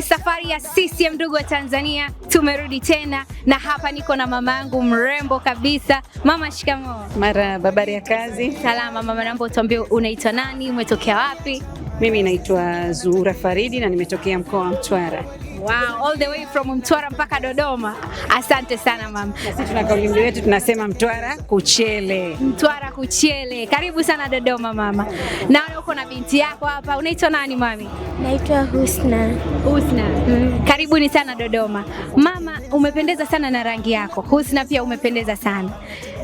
Ni safari ya CCM ndugu wa Tanzania, tumerudi tena na hapa niko na mama yangu mrembo kabisa. Mama, shikamoo. mara habari ya kazi? Salama mama, naomba utuambie unaitwa nani, umetokea wapi? Mimi naitwa Zuhura Faridi na nimetokea mkoa wa Mtwara. Wow, all the way from Mtwara mpaka Dodoma. Asante sana mama. Sisi tuna kauli mbiu yetu tunasema Mtwara kuchele. Mtwara kuchele. Karibu sana Dodoma mama. wewe uko na binti yako hapa. Unaitwa nani mami? Naitwa Husna. Husna. Mm. Karibuni sana Dodoma. Mama, umependeza sana na rangi yako. Husna pia umependeza sana.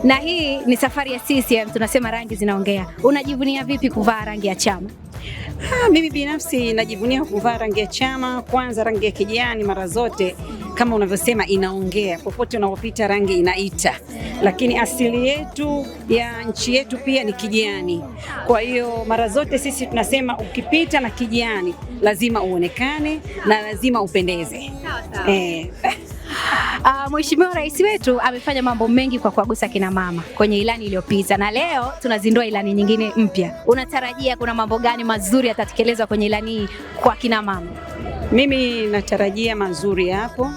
Na hii ni safari ya CCM tunasema rangi zinaongea. Unajivunia vipi kuvaa rangi ya chama? Ha, ah, mimi binafsi najivunia kuvaa rangi ya chama. Kwanza rangi ya kijani mara zote kama unavyosema inaongea, popote unapopita rangi inaita, lakini asili yetu ya nchi yetu pia ni kijani. Kwa hiyo mara zote sisi tunasema ukipita na kijani lazima uonekane na lazima upendeze. Sawa sawa. Eh. Uh, Mheshimiwa Rais wetu amefanya mambo mengi kwa kuwagusa kina mama kwenye ilani iliyopita, na leo tunazindua ilani nyingine mpya. Unatarajia kuna mambo gani mazuri yatatekelezwa kwenye ilani hii kwa kina mama? Mimi natarajia mazuri hapo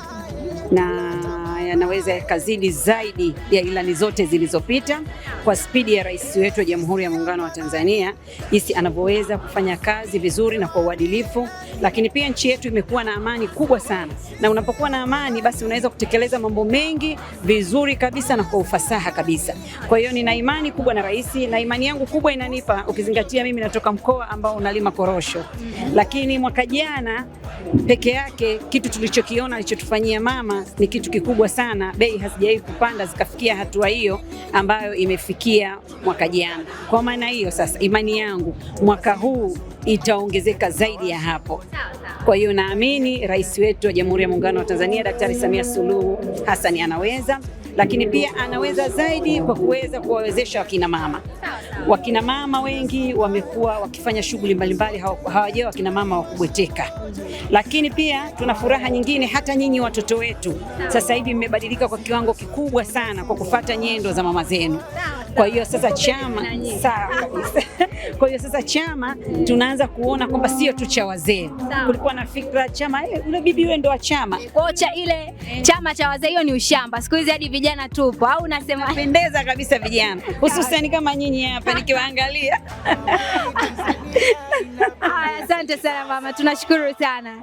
na yanaweza yakazidi zaidi ya ilani zote zilizopita, kwa spidi ya rais wetu wa Jamhuri ya Muungano wa Tanzania, jinsi anavyoweza kufanya kazi vizuri na kwa uadilifu. Lakini pia nchi yetu imekuwa na amani kubwa sana, na unapokuwa na amani, basi unaweza kutekeleza mambo mengi vizuri kabisa na kwa ufasaha kabisa. Kwa hiyo nina imani kubwa na rais, na imani yangu kubwa inanipa, ukizingatia mimi natoka mkoa ambao unalima korosho, lakini mwaka jana peke yake kitu tulichokiona alichotufanyia mama ni kitu kikubwa sana sana bei hazijawahi kupanda zikafikia hatua hiyo ambayo imefikia mwaka jana. Kwa maana hiyo sasa, imani yangu mwaka huu itaongezeka zaidi ya hapo. Kwa hiyo naamini rais wetu wa Jamhuri ya Muungano wa Tanzania Daktari Samia Suluhu Hassan anaweza lakini pia anaweza zaidi kwa kuweza kuwawezesha wakina Wakina Wakinamama wengi wamekuwa wakifanya shughuli mbalimbali, hawajawa wakinamama wa kubweteka. Lakini pia tuna furaha nyingine, hata nyinyi watoto wetu sasa hivi mmebadilika kwa kiwango kikubwa sana kwa kufata nyendo za mama zenu. Kwa hiyo sasa chama sawa Kwa hiyo sasa chama tunaanza kuona kwamba sio tu cha wazee, kulikuwa na fikra chama eh, ule bibi wewe ndo wa chama. Kwa hiyo ile eh. chama cha wazee hiyo ni ushamba, siku hizi hadi vijana tupo, au unasema? pendeza kabisa vijana, hususani kama nyinyi hapa nikiwaangalia. Haya, asante sana mama, tunashukuru sana.